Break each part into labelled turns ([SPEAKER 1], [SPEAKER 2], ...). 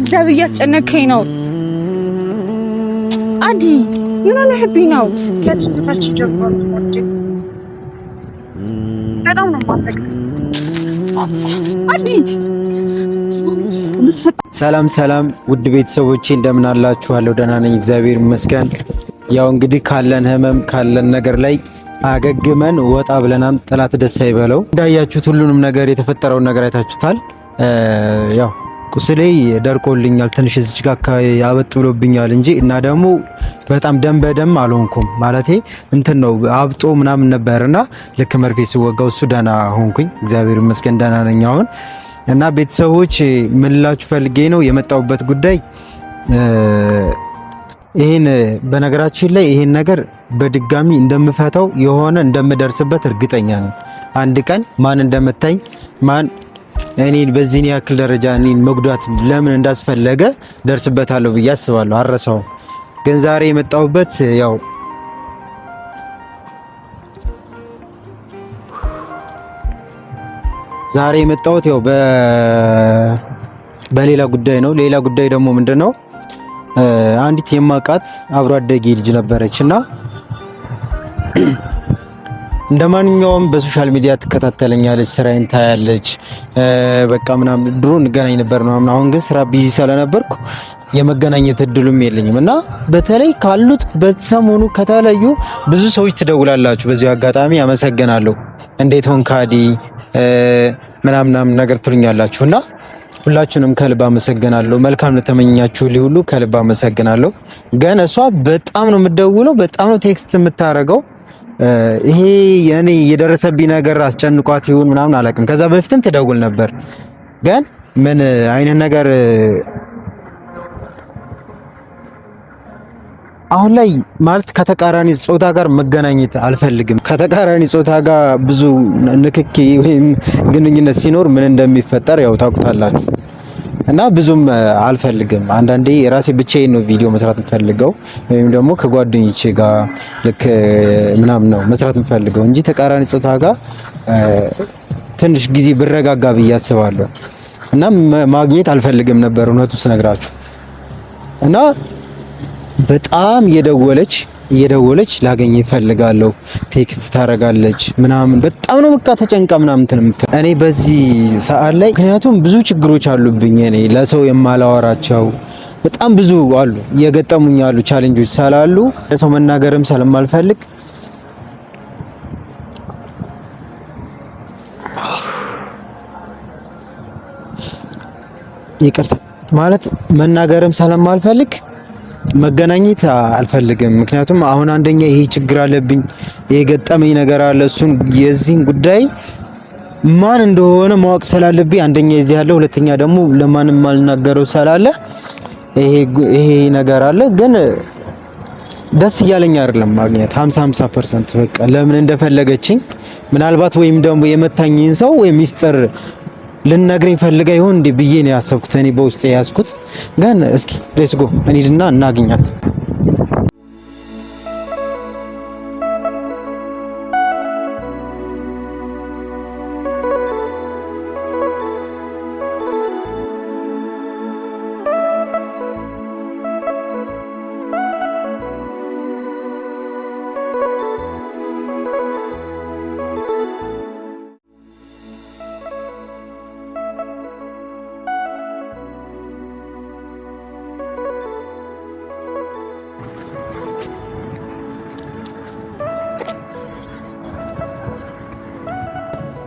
[SPEAKER 1] መግደብ እያስጨነከኝ ነው። አዲ ምን ሆነህብኝ ነው? በጣም ነው አዲ
[SPEAKER 2] ሰላም ሰላም፣ ውድ ቤተሰቦቼ እንደምን አላችኋለሁ? ደህና ነኝ፣ እግዚአብሔር ይመስገን። ያው እንግዲህ ካለን ህመም ካለን ነገር ላይ አገግመን ወጣ ብለናን ጠላት ደስ አይበለው። እንዳያችሁት ሁሉንም ነገር የተፈጠረውን ነገር አይታችሁታል። ያው ቁስሌ ደርቆልኛል ትንሽ እዚች ጋር ያበጥ ብሎብኛል እንጂ እና ደግሞ በጣም ደም በደም አልሆንኩም። ማለቴ እንትን ነው አብጦ ምናምን ነበር እና ልክ መርፌ ስወጋው እሱ ደህና ሆንኩኝ። እግዚአብሔር ይመስገን ደህና ነኝ አሁን። እና ቤተሰቦች ምንላችሁ ፈልጌ ነው የመጣሁበት ጉዳይ ይህን በነገራችን ላይ ይህን ነገር በድጋሚ እንደምፈታው የሆነ እንደምደርስበት እርግጠኛ ነኝ። አንድ ቀን ማን እንደምታኝ ማን እኔን በዚህን ያክል ደረጃ እኔን መጉዳት ለምን እንዳስፈለገ ደርስበታለሁ ብዬ አስባለሁ። አረሰው ግን ዛሬ የመጣሁበት ያው ዛሬ የመጣሁት ያው በሌላ ጉዳይ ነው። ሌላ ጉዳይ ደግሞ ምንድነው አንዲት የማውቃት አብሮ አደጌ ልጅ ነበረች እና እንደ ማንኛውም በሶሻል ሚዲያ ትከታተለኛለች፣ ስራዬን ታያለች፣ በቃ ምናምን። ድሮ እንገናኝ ነበር ነው አሁን ግን ስራ ቢዚ ስለነበርኩ የመገናኘት እድሉም የለኝም እና በተለይ ካሉት በሰሞኑ ከተለዩ ብዙ ሰዎች ትደውላላችሁ። በዚሁ አጋጣሚ አመሰግናለሁ። እንዴት ሆን ካዲ ምናምናም ነገር ትሉኛላችሁ እና ሁላችሁንም ከልብ አመሰግናለሁ። መልካም ለተመኛችሁ ሁሉ ከልብ አመሰግናለሁ። ግን እሷ በጣም ነው የምደውለው፣ በጣም ነው ቴክስት የምታደርገው ይሄ የኔ የደረሰብኝ ነገር አስጨንቋት ይሁን ምናምን አላውቅም። ከዛ በፊትም ትደውል ነበር ግን ምን አይነት ነገር አሁን ላይ ማለት ከተቃራኒ ጾታ ጋር መገናኘት አልፈልግም። ከተቃራኒ ጾታ ጋር ብዙ ንክኪ ወይም ግንኙነት ሲኖር ምን እንደሚፈጠር ያው ታውቁታላችሁ። እና ብዙም አልፈልግም። አንዳንዴ የራሴ ብቻዬን ነው ቪዲዮ መስራት የምፈልገው ወይም ደግሞ ከጓደኞች ጋር ልክ ምናምን ነው መስራት የምፈልገው እንጂ ተቃራኒ ጾታ ጋር ትንሽ ጊዜ ብረጋጋ ብዬ አስባለሁ። እና ማግኘት አልፈልግም ነበር እውነቱ ስነግራችሁ እና በጣም እየደወለች እየደወለች ላገኝ ይፈልጋለሁ፣ ቴክስት ታረጋለች ምናምን በጣም ነው በቃ ተጨንቃ ምናምን እንትን እኔ በዚህ ሰዓት ላይ ምክንያቱም ብዙ ችግሮች አሉብኝ። እኔ ለሰው የማላወራቸው በጣም ብዙ አሉ፣ እየገጠሙኝ ያሉ ቻሌንጆች ስላሉ ለሰው መናገርም ስለማልፈልግ ይቅርታ ማለት መናገርም ስለማልፈልግ መገናኘት አልፈልግም። ምክንያቱም አሁን አንደኛ ይሄ ችግር አለብኝ፣ ይሄ ገጠመኝ ነገር አለ። እሱን የዚህን ጉዳይ ማን እንደሆነ ማወቅ ስላለብኝ አንደኛ የዚህ ያለ፣ ሁለተኛ ደግሞ ለማንም አልናገረው ስላለ ይሄ ነገር አለ። ግን ደስ እያለኝ አይደለም ማግኘት 50 50% በቃ ለምን እንደፈለገችኝ ምናልባት ወይም ደግሞ የመታኝን ሰው ወይም ሚስጥር ልነግረኝ ፈልጋ ይሆን እንዴ ብዬ ነው ያሰብኩት እኔ በውስጥ የያዝኩት። ግን እስኪ ሌትስ ጎ እንሂድና እናግኛት።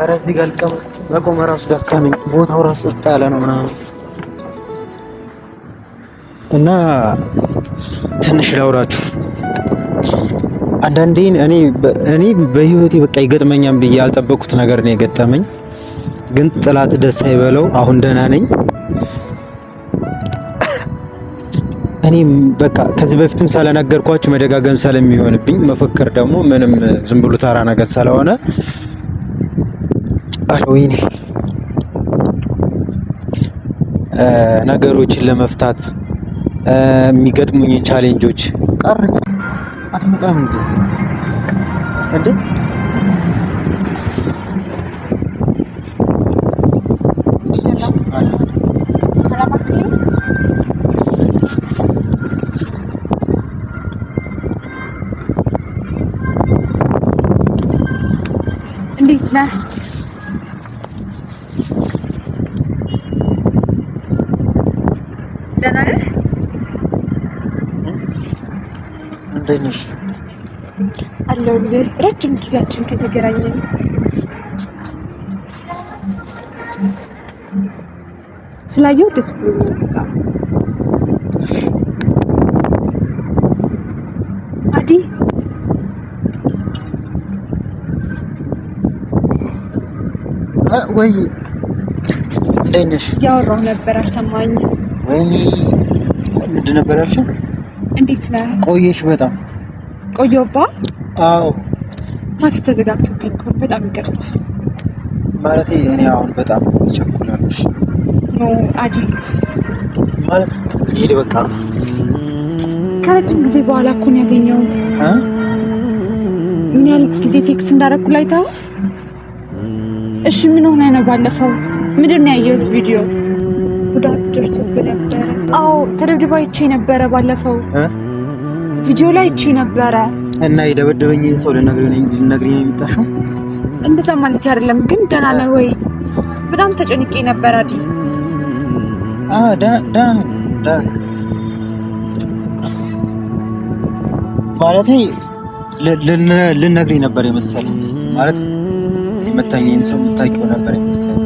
[SPEAKER 2] ኧረ እዚህ ጋር ራሱ መቆም እራሱ ቦታው ራሱ ጸጥ ያለ ነው ምናምን እና ትንሽ ላውራችሁ። አንዳንዴ እኔ እኔ በህይወቴ በቃ ይገጥመኛም ብዬ ያልጠበቅኩት ነገር ነው የገጠመኝ። ግን ጥላት ደስ አይበለው፣ አሁን ደህና ነኝ። እኔ በቃ ከዚህ በፊትም ስለነገርኳችሁ መደጋገም ስለሚሆንብኝ መፈክር ደግሞ ምንም ዝም ብሎ ተራ ነገር ስለሆነ ባህላዊ ነገሮችን ለመፍታት የሚገጥሙኝን ቻሌንጆች ቀረች አትመጣም እንዴ? እንዴ
[SPEAKER 1] እንዴት ነህ? ደህና ነህ? እንዴት ነሽ? አለሁልህ። ረጅም ጊዜያችን ከተገናኘን ስላየው ደስ ብሎኛል በጣም አዲ
[SPEAKER 2] ወይ እንዴት ነሽ?
[SPEAKER 1] ነበር አልሰማኝም።
[SPEAKER 2] ወይኔ ምንድን ነበር ያልሽኝ? እንዴት ነህ? ቆየሽ በጣም ቆየሁባ። አዎ
[SPEAKER 1] ታክሲ ተዘጋግቶብኝ እኮ በጣም ይገርሳል።
[SPEAKER 2] እኔ አሁን በጣም ኖ ማለት በቃ
[SPEAKER 1] ከረጅም ጊዜ በኋላ እኮ ነው ያገኘው። ምን ያህል ጊዜ ቴክስ እንዳደረኩ ላይ ታው። እሺ ምን ሆነ ነው ባለፈው ምንድን ነው ያየሁት ቪዲዮ ጉዳት ደርሶብህ ነበረ? አዎ ተደብድባ አይቼ ነበረ። ባለፈው ቪዲዮ ላይ አይቼ ነበረ።
[SPEAKER 2] እና የደበደበኝን ሰው ልነግሪኝ ነው የመጣሽው?
[SPEAKER 1] እንደዛ ማለት አይደለም ግን ደህና ነህ ወይ? በጣም ተጨንቄ ነበር። አዲ
[SPEAKER 2] አ ደህና ደህና ማለት ልነግሪኝ ነበር የመሰለኝ። ማለት የመታኝን ሰው የምታውቂው ነበር የመሰለኝ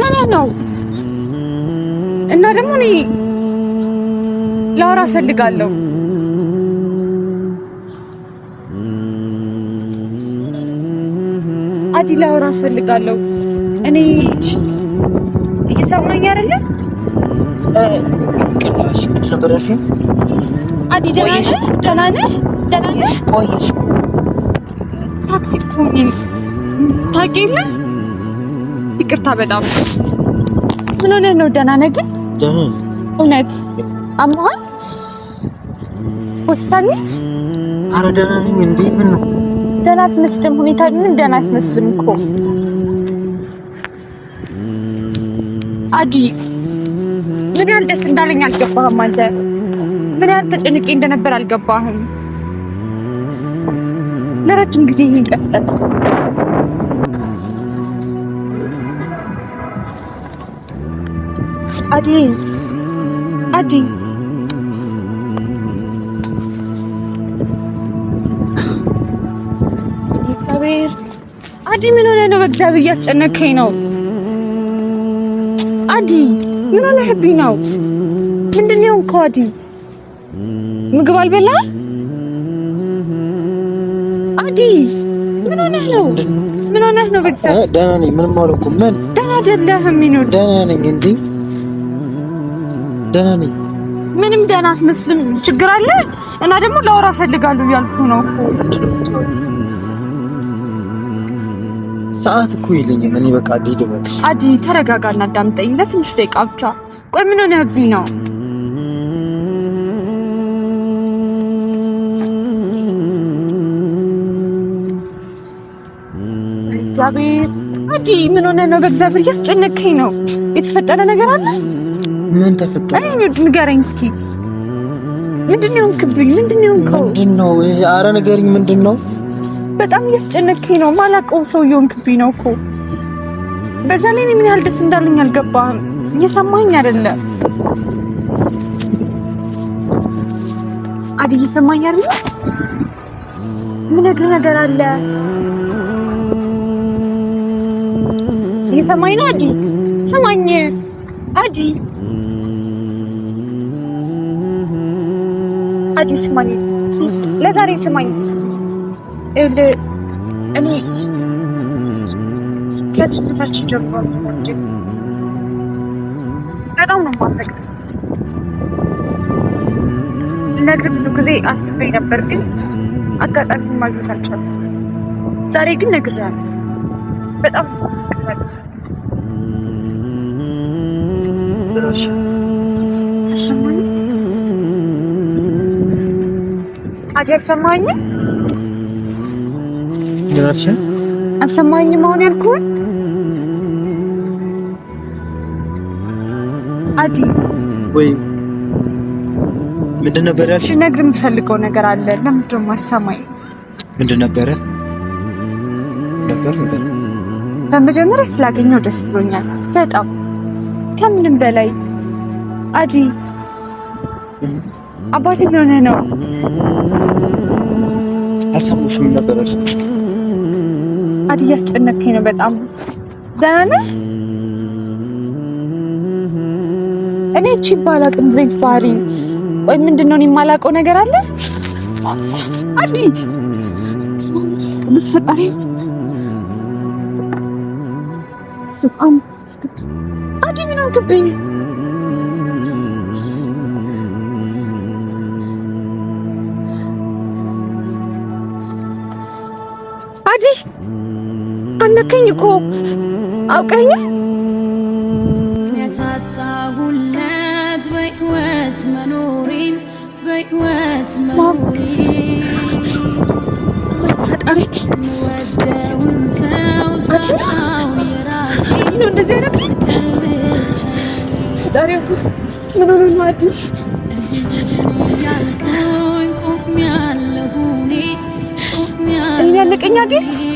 [SPEAKER 1] ማለት ነው። እና ደግሞ እኔ ላውራ እፈልጋለሁ። አዲ ላውራ እፈልጋለሁ። እኔ እየሰማኝ አይደለም።
[SPEAKER 2] ቅርታሽ ነበር ያልሽኝ?
[SPEAKER 1] አዲ ደህና ደህና ነህ? ደህና ቆየሽ ታክሲ እኮ ነኝ ታውቂ ይቅርታ በጣም ምን ሆነህ ነው? ደህና ነህ ግን? ደህና ነኝ። እውነት አሞሃል? ሆስፒታል ነች?
[SPEAKER 2] አረ ደህና ነኝ። እንዴ ምን ነው?
[SPEAKER 1] ደህና አትመስልም። ሁኔታ ምን ደህና አትመስልም እኮ አዲ። ምን ያህል ደስ እንዳለኝ አልገባህም አንተ። ምን ያህል ተጨንቄ እንደነበር አልገባህም። ለረጅም ጊዜ ይህን ቀስጠን አደይ አደይ እግዚአብሔር አዲ ምን ሆነ ነው? በእግዚአብሔር እያስጨነከኝ ነው። አዲ ምን ሆነ ህቢ ነው? ምንድን ነው እኮ አዲ ምግብ አልበላ? አዲ ምን ሆነ ነው? ምን ሆነ ነው? በእግዚአብሔር
[SPEAKER 2] ደህና ነኝ። ምንም አልኩም። ምን
[SPEAKER 1] ደህና አይደለህም። ምን
[SPEAKER 2] ደህና ነኝ እንዴ ደህና ነኝ።
[SPEAKER 1] ምንም ደህና አትመስልም። ችግር አለ እና ደግሞ ላወራ እፈልጋለሁ እያልኩ ነው
[SPEAKER 2] ሰዓት እኮ የለኝም። እኔ በቃ አዲ ደበቅ
[SPEAKER 1] አዲ ተረጋጋና አዳምጠኝ ለትንሽ ደቂቃ ብቻ። ቆይ ምን ሆነህብኝ ነው? እግዚአብሔር አዲ ምን ሆነ ነው? በእግዚአብሔር እያስጨነከኝ ነው። የተፈጠረ ነገር አለ ምን ተፈጠረ? ንገረኝ እስኪ ምንድን ነው የሆንክብኝ? ምንድን ነው የሆንከው?
[SPEAKER 2] ምንድን ነው? ኧረ ንገሪኝ፣ ምንድን ነው?
[SPEAKER 1] በጣም እያስጨነቅከኝ ነው። ማላውቀው ሰው ክብኝ ነው እኮ። በዛ ላይ ምን ያህል ደስ እንዳለኝ አልገባህም። እየሰማኝ አይደለ? አዲ እየሰማኝ አይደለ? ምን ነገር አለ። እየሰማኝ ነው አዲ፣ ሰማኝ አዲ አዲ ስማኝ፣ ለዛሬ ስማኝ። እኔ ከትምህርታችን ጀምሮ በጣም ነው ማለቅ ነግር ብዙ ጊዜ አስቤ ነበር፣ ግን አጋጣሚ ማግኘት አልቻልኩም። ዛሬ ግን ነግሬያለሁ። በጣም ነው ነገሮች ተሰማኝ። አጅ አልሰማኝ ግራሽ አልሰማኝ መሆን ያልኩህ አዲ
[SPEAKER 2] ወይ ምንድን ነበር ያልሽ?
[SPEAKER 1] ልነግርህ የምፈልገው ነገር አለ። ለምንድን ነው ማሰማኝ?
[SPEAKER 2] ምንድን ነበረ ነበር ነገር
[SPEAKER 1] በመጀመሪያ ስላገኘው ደስ ብሎኛል በጣም ከምንም በላይ አጂ አባቴ ምን ሆነህ ነው?
[SPEAKER 2] አልሰማሁሽም ነበር
[SPEAKER 1] አጂ፣ እያስጨነቅከኝ ነው በጣም። ደህና ነህ? እኔ እቺ ባላቅም ዘይት ባህሪ ወይ ምንድን ነው? እኔ የማላውቀው ነገር አለ አጂ ስፈጣሪ ስጣም አድኝ ነው ትብኝ አዲ አነከኝ እኮ አውቀኝ የታጣሁለት በህይወት መኖሪን በህይወት መኖሪ ፈጣሪ ሰው ነው እንደዚህ አይነት ፈጣሪ አሁን ምን ሆነ ነው አዲ እኔ አዲ